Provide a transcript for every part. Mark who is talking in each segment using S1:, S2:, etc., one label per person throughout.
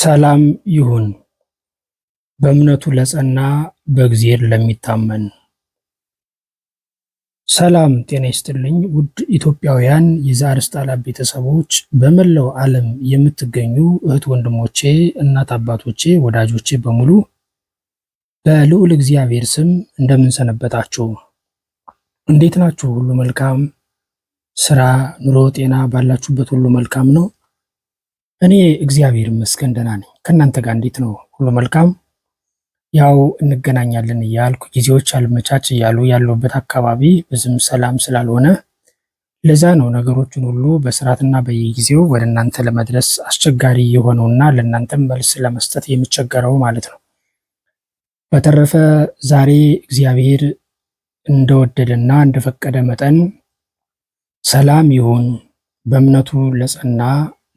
S1: ሰላም ይሁን በእምነቱ ለጸና በእግዚአብሔር ለሚታመን። ሰላም ጤና ይስጥልኝ ውድ ኢትዮጵያውያን የዛርስጣላ ቤተሰቦች፣ በመላው ዓለም የምትገኙ እህት ወንድሞቼ፣ እናት አባቶቼ፣ ወዳጆቼ በሙሉ በልዑል እግዚአብሔር ስም እንደምንሰነበታችሁ፣ እንዴት ናችሁ? ሁሉ መልካም ስራ፣ ኑሮ፣ ጤና ባላችሁበት ሁሉ መልካም ነው። እኔ እግዚአብሔር ይመስገን ደህና ነኝ። ከእናንተ ጋር እንዴት ነው? ሁሉ መልካም? ያው እንገናኛለን እያልኩ ጊዜዎች አልመቻች እያሉ ያለሁበት አካባቢ ብዙም ሰላም ስላልሆነ ለዛ ነው ነገሮችን ሁሉ በስርዓትና በየጊዜው ወደ እናንተ ለመድረስ አስቸጋሪ የሆነውና ለእናንተም መልስ ለመስጠት የሚቸገረው ማለት ነው። በተረፈ ዛሬ እግዚአብሔር እንደወደደና እንደፈቀደ መጠን ሰላም ይሁን በእምነቱ ለጸና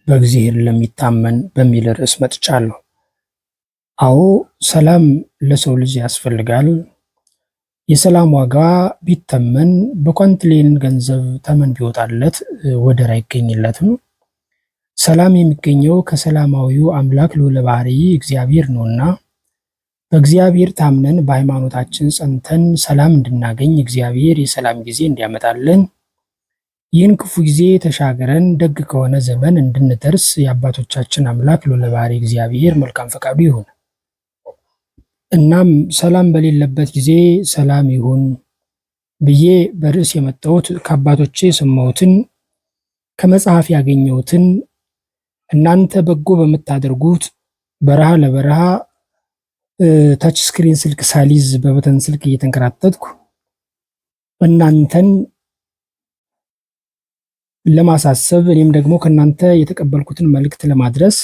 S1: በእግዚአብሔር ለሚታመን በሚል ርዕስ መጥቻለሁ። አዎ ሰላም ለሰው ልጅ ያስፈልጋል። የሰላም ዋጋ ቢተመን በኳንትሌን ገንዘብ ተመን ቢወጣለት ወደር አይገኝለትም። ሰላም የሚገኘው ከሰላማዊው አምላክ ልዑለ ባህሪ እግዚአብሔር ነውና በእግዚአብሔር ታምነን በሃይማኖታችን ጸንተን ሰላም እንድናገኝ እግዚአብሔር የሰላም ጊዜ እንዲያመጣልን ይህን ክፉ ጊዜ ተሻገረን ደግ ከሆነ ዘመን እንድንደርስ የአባቶቻችን አምላክ ልዑለ ባሕርይ እግዚአብሔር መልካም ፈቃዱ ይሁን። እናም ሰላም በሌለበት ጊዜ ሰላም ይሁን ብዬ በርዕስ የመጣሁት ከአባቶቼ የሰማሁትን ከመጽሐፍ ያገኘሁትን እናንተ በጎ በምታደርጉት በረሃ ለበረሃ ታች ስክሪን ስልክ ሳሊዝ በበተን ስልክ እየተንከራተትኩ እናንተን ለማሳሰብ እኔም ደግሞ ከእናንተ የተቀበልኩትን መልእክት ለማድረስ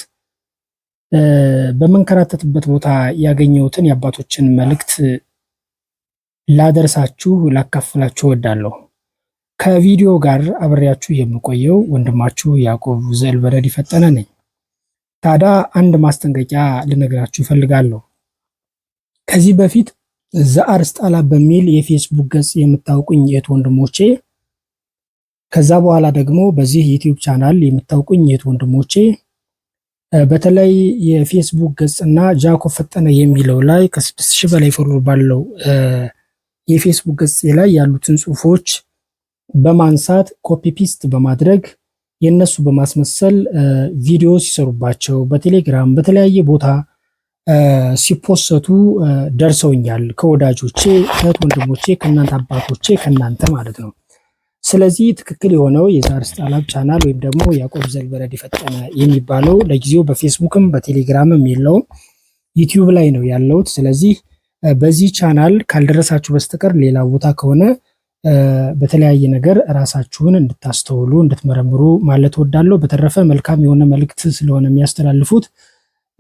S1: በመንከራተትበት ቦታ ያገኘሁትን የአባቶችን መልእክት ላደርሳችሁ ላካፍላችሁ እወዳለሁ። ከቪዲዮ ጋር አብሬያችሁ የምቆየው ወንድማችሁ ያዕቆብ ዘልበረድ ፈጠነ ነኝ። ታዲያ አንድ ማስጠንቀቂያ ልነግራችሁ ይፈልጋለሁ። ከዚህ በፊት ዘአርስጣላ በሚል የፌስቡክ ገጽ የምታውቁኝ የት ወንድሞቼ ከዛ በኋላ ደግሞ በዚህ ዩቲዩብ ቻናል የምታውቁኝ የት ወንድሞቼ በተለይ የፌስቡክ ገጽና ጃኮብ ፈጠነ የሚለው ላይ ከስድስት ሺህ በላይ ፎሎ ባለው የፌስቡክ ገጽ ላይ ያሉትን ጽሁፎች በማንሳት ኮፒ ፒስት በማድረግ የነሱ በማስመሰል ቪዲዮ ሲሰሩባቸው በቴሌግራም በተለያየ ቦታ ሲፖሰቱ ደርሰውኛል። ከወዳጆቼ፣ ከእህት ወንድሞቼ፣ ከእናንተ አባቶቼ፣ ከእናንተ ማለት ነው። ስለዚህ ትክክል የሆነው የዛር ስታርላብ ቻናል ወይም ደግሞ ያዕቆብ ዘልበረድ የፈጠነ የሚባለው ለጊዜው በፌስቡክም በቴሌግራምም የለውም፣ ዩቲዩብ ላይ ነው ያለውት። ስለዚህ በዚህ ቻናል ካልደረሳችሁ በስተቀር ሌላ ቦታ ከሆነ በተለያየ ነገር ራሳችሁን እንድታስተውሉ እንድትመረምሩ ማለት ወዳለሁ። በተረፈ መልካም የሆነ መልእክት ስለሆነ የሚያስተላልፉት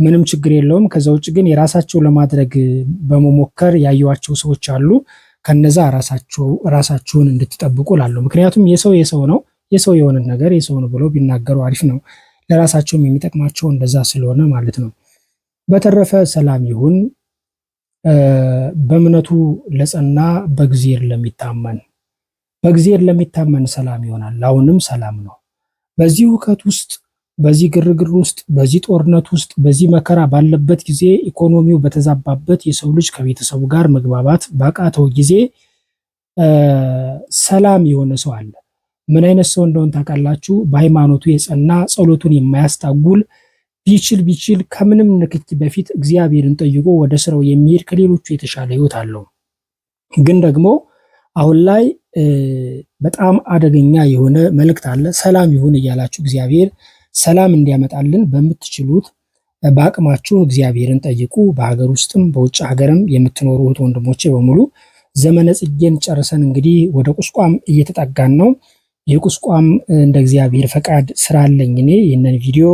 S1: ምንም ችግር የለውም። ከዛ ውጭ ግን የራሳቸው ለማድረግ በመሞከር ያየዋቸው ሰዎች አሉ። ከነዛ ራሳችሁን እንድትጠብቁ ላሉ። ምክንያቱም የሰው የሰው ነው የሰው የሆነ ነገር የሰው ነው ብለው ቢናገሩ አሪፍ ነው። ለራሳቸውም የሚጠቅማቸው እንደዛ ስለሆነ ማለት ነው። በተረፈ ሰላም ይሁን በእምነቱ ለጸና በእግዚአብሔር ለሚታመን በእግዚአብሔር ለሚታመን ሰላም ይሆናል። አሁንም ሰላም ነው። በዚህ ውከት ውስጥ በዚህ ግርግር ውስጥ በዚህ ጦርነት ውስጥ በዚህ መከራ ባለበት ጊዜ ኢኮኖሚው በተዛባበት የሰው ልጅ ከቤተሰቡ ጋር መግባባት ባቃተው ጊዜ ሰላም የሆነ ሰው አለ። ምን አይነት ሰው እንደሆን ታውቃላችሁ? በሃይማኖቱ የጸና ጸሎቱን የማያስታጉል ቢችል ቢችል ከምንም ንክኪ በፊት እግዚአብሔርን ጠይቆ ወደ ስራው የሚሄድ ከሌሎቹ የተሻለ ህይወት አለው። ግን ደግሞ አሁን ላይ በጣም አደገኛ የሆነ መልእክት አለ። ሰላም ይሁን እያላችሁ እግዚአብሔር ሰላም እንዲያመጣልን በምትችሉት በአቅማችሁ እግዚአብሔርን ጠይቁ። በሀገር ውስጥም በውጭ ሀገርም የምትኖሩ እህት ወንድሞቼ በሙሉ ዘመነ ጽጌን ጨርሰን እንግዲህ ወደ ቁስቋም እየተጠጋን ነው። የቁስቋም እንደ እግዚአብሔር ፈቃድ ስራ አለኝ። እኔ ይህንን ቪዲዮ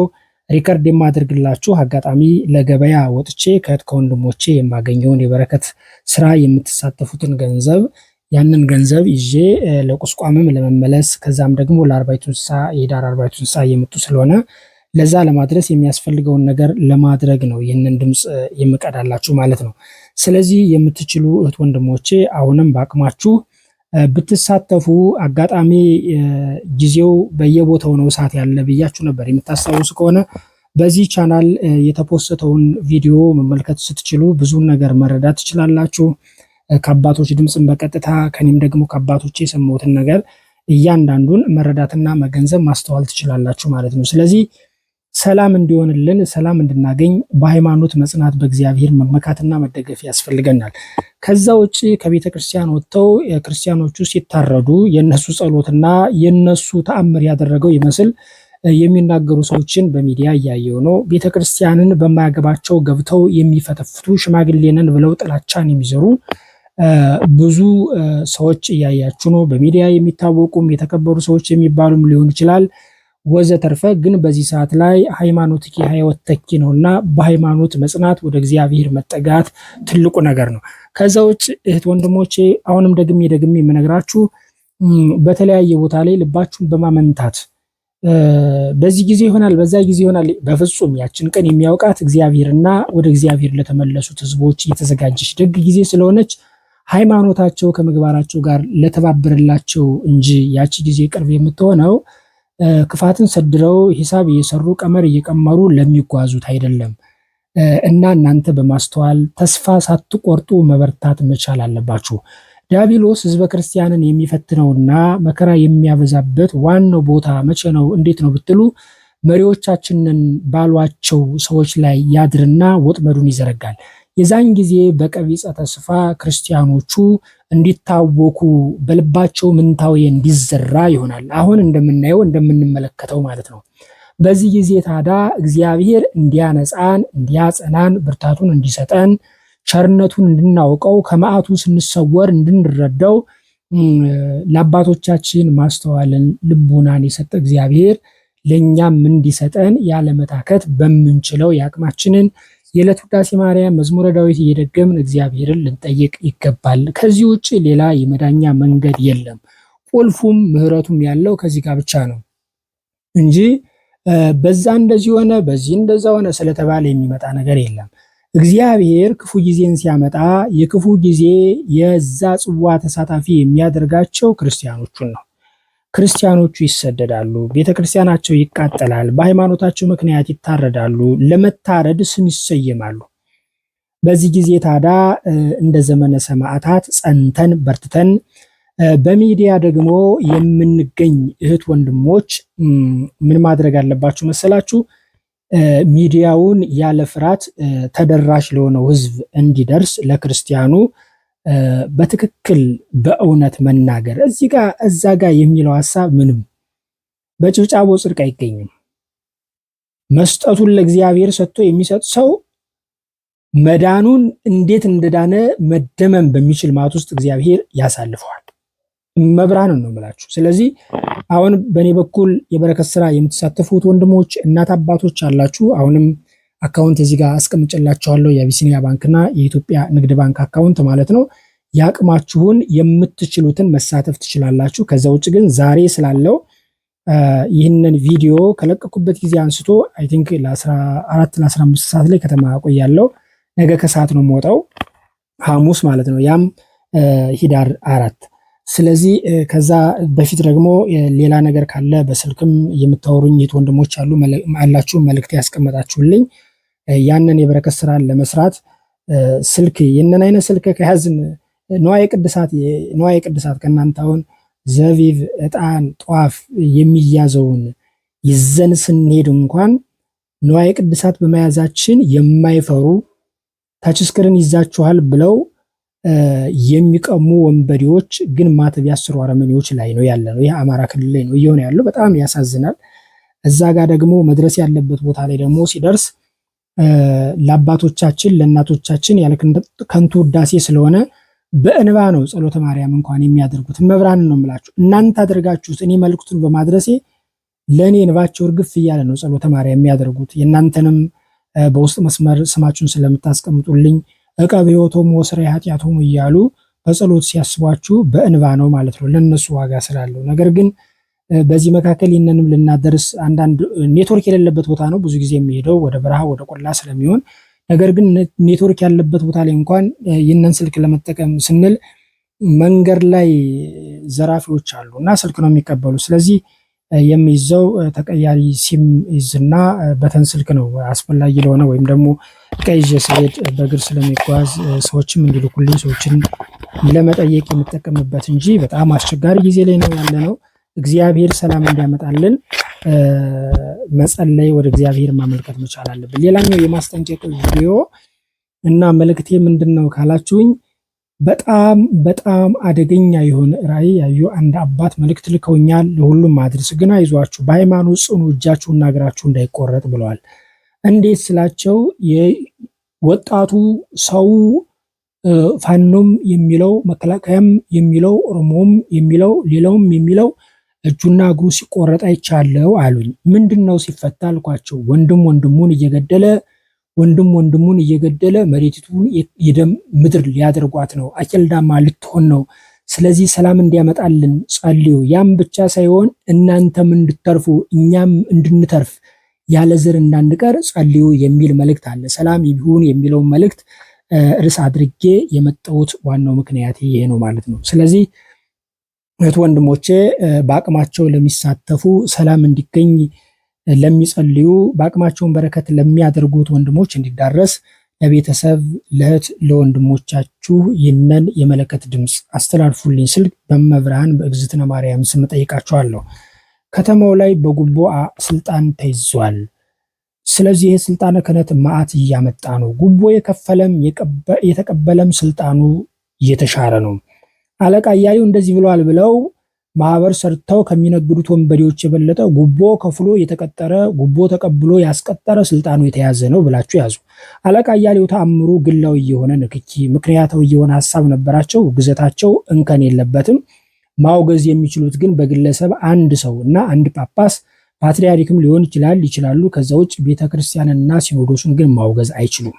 S1: ሪከርድ የማደርግላችሁ አጋጣሚ ለገበያ ወጥቼ ከእህት ከወንድሞቼ የማገኘውን የበረከት ስራ የምትሳተፉትን ገንዘብ ያንን ገንዘብ ይዤ ለቁስቋምም ለመመለስ ከዛም ደግሞ ለአርባይቱ እንስሳ የዳር አርባይቱ እንስሳ እየመጡ ስለሆነ ለዛ ለማድረስ የሚያስፈልገውን ነገር ለማድረግ ነው ይህንን ድምፅ የምቀዳላችሁ ማለት ነው። ስለዚህ የምትችሉ እህት ወንድሞቼ አሁንም በአቅማችሁ ብትሳተፉ አጋጣሚ ጊዜው በየቦታው ነው ሰዓት ያለ ብያችሁ ነበር። የምታስታውሱ ከሆነ በዚህ ቻናል የተፖሰተውን ቪዲዮ መመልከት ስትችሉ ብዙን ነገር መረዳት ትችላላችሁ። ከአባቶች ድምፅን በቀጥታ ከኔም ደግሞ ከአባቶች የሰማሁትን ነገር እያንዳንዱን መረዳትና መገንዘብ ማስተዋል ትችላላችሁ ማለት ነው። ስለዚህ ሰላም እንዲሆንልን ሰላም እንድናገኝ በሃይማኖት መጽናት በእግዚአብሔር መመካትና መደገፍ ያስፈልገናል። ከዛ ውጭ ከቤተ ክርስቲያን ወጥተው ክርስቲያኖቹ ሲታረዱ የእነሱ ጸሎትና የእነሱ ተአምር ያደረገው ይመስል የሚናገሩ ሰዎችን በሚዲያ እያየው ነው። ቤተ ክርስቲያንን በማያገባቸው ገብተው የሚፈተፍቱ ሽማግሌንን ብለው ጥላቻን የሚዘሩ ብዙ ሰዎች እያያችሁ ነው። በሚዲያ የሚታወቁም የተከበሩ ሰዎች የሚባሉም ሊሆን ይችላል ወዘተርፈ። ግን በዚህ ሰዓት ላይ ሃይማኖት የህይወት ተኪ ነው እና በሃይማኖት መጽናት ወደ እግዚአብሔር መጠጋት ትልቁ ነገር ነው። ከዛ ውጭ እህት ወንድሞቼ፣ አሁንም ደግሜ ደግሜ የምነግራችሁ በተለያየ ቦታ ላይ ልባችሁን በማመንታት በዚህ ጊዜ ይሆናል፣ በዛ ጊዜ ይሆናል። በፍጹም ያችን ቀን የሚያውቃት እግዚአብሔርና ወደ እግዚአብሔር ለተመለሱት ህዝቦች እየተዘጋጀች ደግ ጊዜ ስለሆነች ሃይማኖታቸው ከምግባራቸው ጋር ለተባበረላቸው እንጂ ያቺ ጊዜ ቅርብ የምትሆነው ክፋትን ሰድረው ሂሳብ እየሰሩ ቀመር እየቀመሩ ለሚጓዙት አይደለም። እና እናንተ በማስተዋል ተስፋ ሳትቆርጡ መበርታት መቻል አለባችሁ። ዲያብሎስ ህዝበ ክርስቲያንን የሚፈትነውና መከራ የሚያበዛበት ዋናው ቦታ መቼ ነው? እንዴት ነው ብትሉ መሪዎቻችንን ባሏቸው ሰዎች ላይ ያድርና ወጥመዱን ይዘረጋል። የዛን ጊዜ በቀቢጸ ተስፋ ክርስቲያኖቹ እንዲታወኩ በልባቸው ምንታዊ እንዲዘራ ይሆናል። አሁን እንደምናየው እንደምንመለከተው ማለት ነው። በዚህ ጊዜ ታዳ እግዚአብሔር እንዲያነጻን፣ እንዲያጸናን፣ ብርታቱን እንዲሰጠን፣ ቸርነቱን እንድናውቀው፣ ከመዓቱ ስንሰወር እንድንረዳው ለአባቶቻችን ማስተዋልን ልቡናን የሰጠ እግዚአብሔር ለእኛም እንዲሰጠን ያለመታከት በምንችለው የአቅማችንን የዕለት ውዳሴ ማርያም መዝሙረ ዳዊት እየደገምን እግዚአብሔርን ልንጠይቅ ይገባል። ከዚህ ውጭ ሌላ የመዳኛ መንገድ የለም። ቁልፉም ምሕረቱም ያለው ከዚህ ጋር ብቻ ነው እንጂ በዛ እንደዚህ ሆነ፣ በዚህ እንደዛ ሆነ ስለተባለ የሚመጣ ነገር የለም። እግዚአብሔር ክፉ ጊዜን ሲያመጣ የክፉ ጊዜ የዛ ጽዋ ተሳታፊ የሚያደርጋቸው ክርስቲያኖቹን ነው። ክርስቲያኖቹ ይሰደዳሉ፣ ቤተ ክርስቲያናቸው ይቃጠላል፣ በሃይማኖታቸው ምክንያት ይታረዳሉ፣ ለመታረድ ስም ይሰየማሉ። በዚህ ጊዜ ታዲያ እንደ ዘመነ ሰማዕታት ጸንተን በርትተን በሚዲያ ደግሞ የምንገኝ እህት ወንድሞች ምን ማድረግ አለባችሁ መሰላችሁ? ሚዲያውን ያለ ፍርሃት ተደራሽ ለሆነው ሕዝብ እንዲደርስ ለክርስቲያኑ በትክክል በእውነት መናገር እዚህ ጋ እዛ ጋ የሚለው ሀሳብ ምንም በጭብጫቦ ጽድቅ አይገኝም። መስጠቱን ለእግዚአብሔር ሰጥቶ የሚሰጥ ሰው መዳኑን እንዴት እንደዳነ መደመም በሚችል ማት ውስጥ እግዚአብሔር ያሳልፈዋል። መብርሃንን ነው የምላችሁ። ስለዚህ አሁን በእኔ በኩል የበረከት ስራ የምትሳተፉት ወንድሞች፣ እናት አባቶች አላችሁ አሁንም አካውንት እዚህ ጋር አስቀምጭላችኋለሁ የአቢሲኒያ ባንክና የኢትዮጵያ ንግድ ባንክ አካውንት ማለት ነው። የአቅማችሁን የምትችሉትን መሳተፍ ትችላላችሁ። ከዛ ውጭ ግን ዛሬ ስላለው ይህንን ቪዲዮ ከለቀኩበት ጊዜ አንስቶ አይ ቲንክ ለ14 ለ15 ሰዓት ላይ ከተማ ቆያለው። ነገ ከሰዓት ነው የምወጣው ሐሙስ ማለት ነው። ያም ሂዳር አራት ስለዚህ ከዛ በፊት ደግሞ ሌላ ነገር ካለ በስልክም የምታወሩኝ የት ወንድሞች አሉ አላችሁ መልእክት ያስቀመጣችሁልኝ ያንን የበረከት ስራን ለመስራት ስልክ የነን አይነት ስልክ ከያዝን ንዋየ ቅድሳት ንዋየ ቅድሳት ከእናንተ አሁን ዘቢብ፣ ዕጣን፣ ጧፍ የሚያዘውን ይዘን ስንሄድ እንኳን ንዋየ ቅድሳት በመያዛችን የማይፈሩ ታችስክርን ይዛችኋል ብለው የሚቀሙ ወንበዴዎች ግን ማተብ ያስሩ አረመኔዎች ላይ ነው ያለ ነው። ይህ አማራ ክልል ላይ ነው እየሆነ ያለው። በጣም ያሳዝናል። እዛ ጋር ደግሞ መድረስ ያለበት ቦታ ላይ ደግሞ ሲደርስ ለአባቶቻችን ለእናቶቻችን ያለ ከንቱ ውዳሴ ስለሆነ በእንባ ነው ጸሎተ ማርያም እንኳን የሚያደርጉት። መብራን ነው የምላችሁ እናንተ አድርጋችሁት እኔ መልክቱን በማድረሴ ለእኔ እንባቸው እርግፍ እያለ ነው ጸሎተ ማርያም የሚያደርጉት። የእናንተንም በውስጥ መስመር ስማችሁን ስለምታስቀምጡልኝ እቀብ ህይወቶም ወስረ ኃጢአቶም እያሉ በጸሎት ሲያስቧችሁ በእንባ ነው ማለት ነው። ለእነሱ ዋጋ ስላለው ነገር ግን በዚህ መካከል ይህንንም ልናደርስ አንዳንድ ኔትወርክ የሌለበት ቦታ ነው ብዙ ጊዜ የሚሄደው ወደ በረሃ ወደ ቆላ ስለሚሆን፣ ነገር ግን ኔትወርክ ያለበት ቦታ ላይ እንኳን ይህንን ስልክ ለመጠቀም ስንል መንገድ ላይ ዘራፊዎች አሉ እና ስልክ ነው የሚቀበሉ። ስለዚህ የሚይዘው ተቀያሪ ሲም ይዝና በተን ስልክ ነው አስፈላጊ ለሆነ ወይም ደግሞ ቀይዤ ስሄድ በእግር ስለሚጓዝ ሰዎችም እንዲልኩልኝ ሰዎችን ለመጠየቅ የምጠቀምበት እንጂ በጣም አስቸጋሪ ጊዜ ላይ ነው ያለ ነው። እግዚአብሔር ሰላም እንዲያመጣልን መጸለይ፣ ወደ እግዚአብሔር ማመልከት መቻል አለብን። ሌላኛው የማስጠንቀቅ ቪዲዮ እና መልእክቴ ምንድን ነው ካላችሁኝ በጣም በጣም አደገኛ የሆነ ራይ ያዩ አንድ አባት መልእክት ልከውኛል። ለሁሉም ማድረስ ግን አይዟችሁ፣ በሃይማኖት ጽኑ፣ እጃችሁና እግራችሁ እንዳይቆረጥ ብለዋል። እንዴት ስላቸው ወጣቱ ሰው ፋኖም የሚለው መከላከያም የሚለው ኦሮሞም የሚለው ሌላውም የሚለው እጁና እግሩ ሲቆረጥ አይቻለው አሉኝ። ምንድን ነው ሲፈታ አልኳቸው። ወንድም ወንድሙን እየገደለ ወንድም ወንድሙን እየገደለ መሬቲቱን የደም ምድር ሊያደርጓት ነው፣ አኬልዳማ ልትሆን ነው። ስለዚህ ሰላም እንዲያመጣልን ጸልዩ። ያም ብቻ ሳይሆን እናንተም እንድተርፉ እኛም እንድንተርፍ ያለ ዘር እንዳንቀር ጸልዩ የሚል መልእክት አለ። ሰላም ይሁን የሚለውን መልእክት ርዕስ አድርጌ የመጣሁት ዋናው ምክንያት ይሄ ነው ማለት ነው። ስለዚህ እህት ወንድሞቼ በአቅማቸው ለሚሳተፉ ሰላም እንዲገኝ ለሚጸልዩ በአቅማቸውን በረከት ለሚያደርጉት ወንድሞች እንዲዳረስ ለቤተሰብ ለእህት ለወንድሞቻችሁ ይነን የመለከት ድምፅ አስተላልፉልኝ ስል በመብርሃን በእግዝትነ ማርያም ስም ጠይቃችኋለሁ። ከተማው ላይ በጉቦ ስልጣን ተይዟል። ስለዚህ ይህ ስልጣነ ክህነት መዓት እያመጣ ነው። ጉቦ የከፈለም የተቀበለም ስልጣኑ እየተሻረ ነው። አለቃ እያዩ እንደዚህ ብለዋል ብለው ማህበር ሰርተው ከሚነግዱት ወንበዴዎች የበለጠ ጉቦ ከፍሎ የተቀጠረ ጉቦ ተቀብሎ ያስቀጠረ ስልጣኑ የተያዘ ነው ብላችሁ ያዙ። አለቃ እያሌው ተአምሩ ግላዊ የሆነ ንክኪ፣ ምክንያታዊ የሆነ ሀሳብ ነበራቸው። ግዘታቸው እንከን የለበትም። ማውገዝ የሚችሉት ግን በግለሰብ አንድ ሰው እና አንድ ጳጳስ ፓትሪያሪክም ሊሆን ይችላል ይችላሉ። ከዛ ውጭ ቤተክርስቲያንና ሲኖዶሱን ግን ማውገዝ አይችሉም።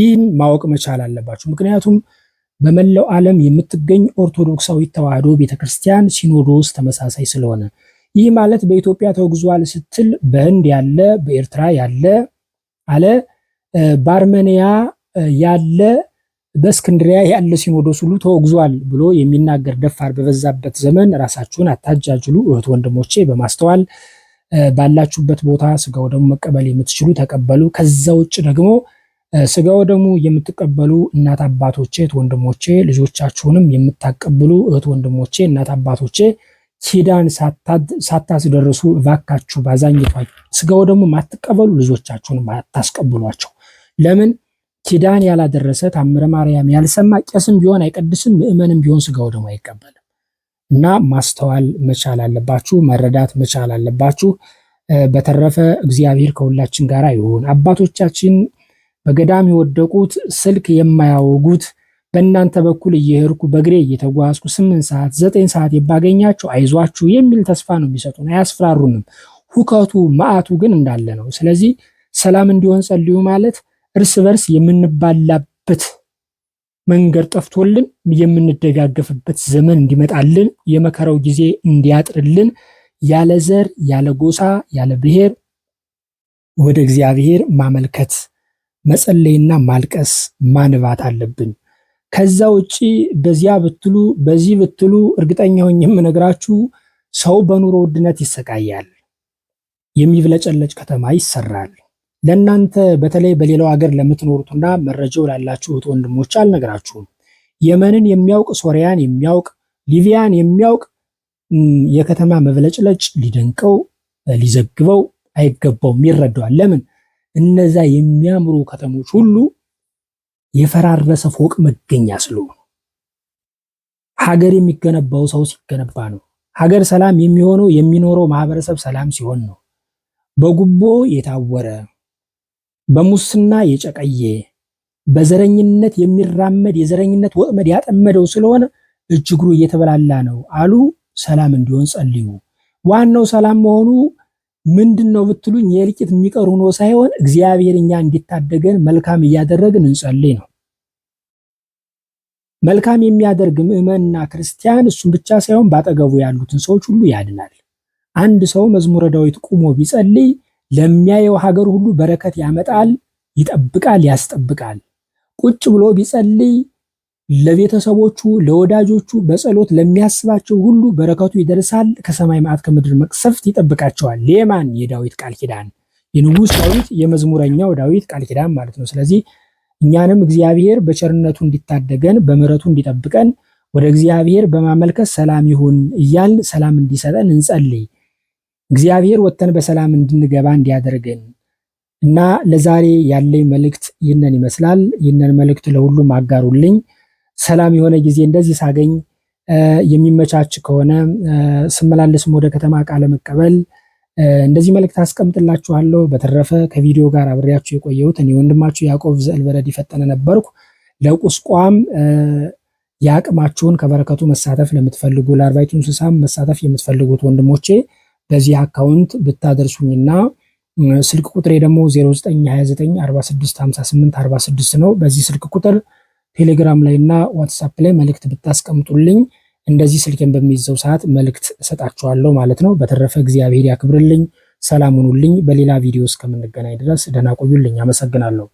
S1: ይህን ማወቅ መቻል አለባቸው። ምክንያቱም በመላው ዓለም የምትገኝ ኦርቶዶክሳዊ ተዋህዶ ቤተክርስቲያን ሲኖዶስ ተመሳሳይ ስለሆነ ይህ ማለት በኢትዮጵያ ተወግዟል ስትል በህንድ ያለ በኤርትራ ያለ አለ በአርሜንያ ያለ በእስክንድሪያ ያለ ሲኖዶስ ሁሉ ተወግዟል ብሎ የሚናገር ደፋር በበዛበት ዘመን ራሳችሁን አታጃጅሉ እህት ወንድሞቼ በማስተዋል ባላችሁበት ቦታ ስጋው ደግሞ መቀበል የምትችሉ ተቀበሉ ከዛ ውጭ ደግሞ ስጋ ወደሙ የምትቀበሉ እናት አባቶቼ እህት ወንድሞቼ ልጆቻችሁንም የምታቀብሉ እህት ወንድሞቼ እናት አባቶቼ ኪዳን ሳታስደርሱ እባካችሁ ባዛኝቷ ስጋ ወደሙ ማትቀበሉ ልጆቻችሁን ማታስቀብሏቸው። ለምን ኪዳን ያላደረሰ ታምረ ማርያም ያልሰማ ቄስም ቢሆን አይቀድስም፣ ምእመንም ቢሆን ስጋ ወደሙ አይቀበልም። እና ማስተዋል መቻል አለባችሁ፣ መረዳት መቻል አለባችሁ። በተረፈ እግዚአብሔር ከሁላችን ጋር ይሁን። አባቶቻችን በገዳም የወደቁት ስልክ የማያወጉት በእናንተ በኩል እየሄድኩ በእግሬ እየተጓዝኩ ስምንት ሰዓት ዘጠኝ ሰዓት የባገኛችሁ አይዟችሁ የሚል ተስፋ ነው የሚሰጡን። አያስፈራሩንም። ሁከቱ መዓቱ ግን እንዳለ ነው። ስለዚህ ሰላም እንዲሆን ጸልዩ ማለት እርስ በርስ የምንባላበት መንገድ ጠፍቶልን የምንደጋገፍበት ዘመን እንዲመጣልን የመከራው ጊዜ እንዲያጥርልን ያለ ዘር ያለ ጎሳ ያለ ብሔር ወደ እግዚአብሔር ማመልከት መጸለይና ማልቀስ ማንባት አለብን። ከዛ ውጪ በዚያ ብትሉ በዚህ ብትሉ እርግጠኛ ሆኜ የምነግራችሁ ሰው በኑሮ ውድነት ይሰቃያል። የሚብለጨለጭ ከተማ ይሰራል። ለእናንተ በተለይ በሌላው ሀገር ለምትኖሩትና መረጃው ላላችሁት ወንድሞች አልነግራችሁም። የመንን የሚያውቅ ሶሪያን የሚያውቅ ሊቢያን የሚያውቅ የከተማ መብለጭለጭ ሊደንቀው ሊዘግበው አይገባውም፣ ይረዳዋል። ለምን እነዛ የሚያምሩ ከተሞች ሁሉ የፈራረሰ ፎቅ መገኛ ስለሆኑ ሀገር የሚገነባው ሰው ሲገነባ ነው። ሀገር ሰላም የሚሆነው የሚኖረው ማህበረሰብ ሰላም ሲሆን ነው። በጉቦ የታወረ በሙስና የጨቀየ በዘረኝነት የሚራመድ የዘረኝነት ወጥመድ ያጠመደው ስለሆነ እጅግሩ እየተበላላ ነው አሉ። ሰላም እንዲሆን ጸልዩ። ዋናው ሰላም መሆኑ ምንድን ነው ብትሉኝ የእልቂት የሚቀር ሆኖ ሳይሆን እግዚአብሔር እኛ እንዲታደገን መልካም እያደረግን እንጸልይ ነው። መልካም የሚያደርግ ምዕመንና ክርስቲያን እሱን ብቻ ሳይሆን ባጠገቡ ያሉትን ሰዎች ሁሉ ያድናል። አንድ ሰው መዝሙረ ዳዊት ቁሞ ቢጸልይ ለሚያየው ሀገር ሁሉ በረከት ያመጣል፣ ይጠብቃል፣ ያስጠብቃል። ቁጭ ብሎ ቢጸልይ ለቤተሰቦቹ፣ ለወዳጆቹ፣ በጸሎት ለሚያስባቸው ሁሉ በረከቱ ይደርሳል። ከሰማይ መዓት ከምድር መቅሰፍት ይጠብቃቸዋል። ሌማን የዳዊት ቃል ኪዳን የንጉስ ዳዊት የመዝሙረኛው ዳዊት ቃል ኪዳን ማለት ነው። ስለዚህ እኛንም እግዚአብሔር በቸርነቱ እንዲታደገን በምሕረቱ እንዲጠብቀን ወደ እግዚአብሔር በማመልከት ሰላም ይሁን እያል ሰላም እንዲሰጠን እንጸልይ። እግዚአብሔር ወጥተን በሰላም እንድንገባ እንዲያደርገን እና ለዛሬ ያለኝ መልእክት ይህንን ይመስላል። ይህንን መልእክት ለሁሉም አጋሩልኝ። ሰላም የሆነ ጊዜ እንደዚህ ሳገኝ የሚመቻች ከሆነ ስመላለስም ወደ ከተማ ቃለ መቀበል እንደዚህ መልእክት አስቀምጥላችኋለሁ። በተረፈ ከቪዲዮ ጋር አብሬያችሁ የቆየሁት እኔ ወንድማችሁ ያዕቆብ ዘእልበረድ ይፈጠነ ነበርኩ። ለቁስቋም የአቅማችሁን ከበረከቱ መሳተፍ ለምትፈልጉ ለአርባይቱ እንስሳም መሳተፍ የምትፈልጉት ወንድሞቼ በዚህ አካውንት ብታደርሱኝና ስልክ ቁጥሬ ደግሞ 0929465846 ነው። በዚህ ስልክ ቁጥር ቴሌግራም ላይ እና ዋትሳፕ ላይ መልእክት ብታስቀምጡልኝ እንደዚህ ስልኬን በሚይዘው ሰዓት መልእክት እሰጣችኋለሁ ማለት ነው። በተረፈ እግዚአብሔር ያክብርልኝ፣ ሰላም ሁኑልኝ። በሌላ ቪዲዮ እስከምንገናኝ ድረስ ደህና ቆዩልኝ። አመሰግናለሁ።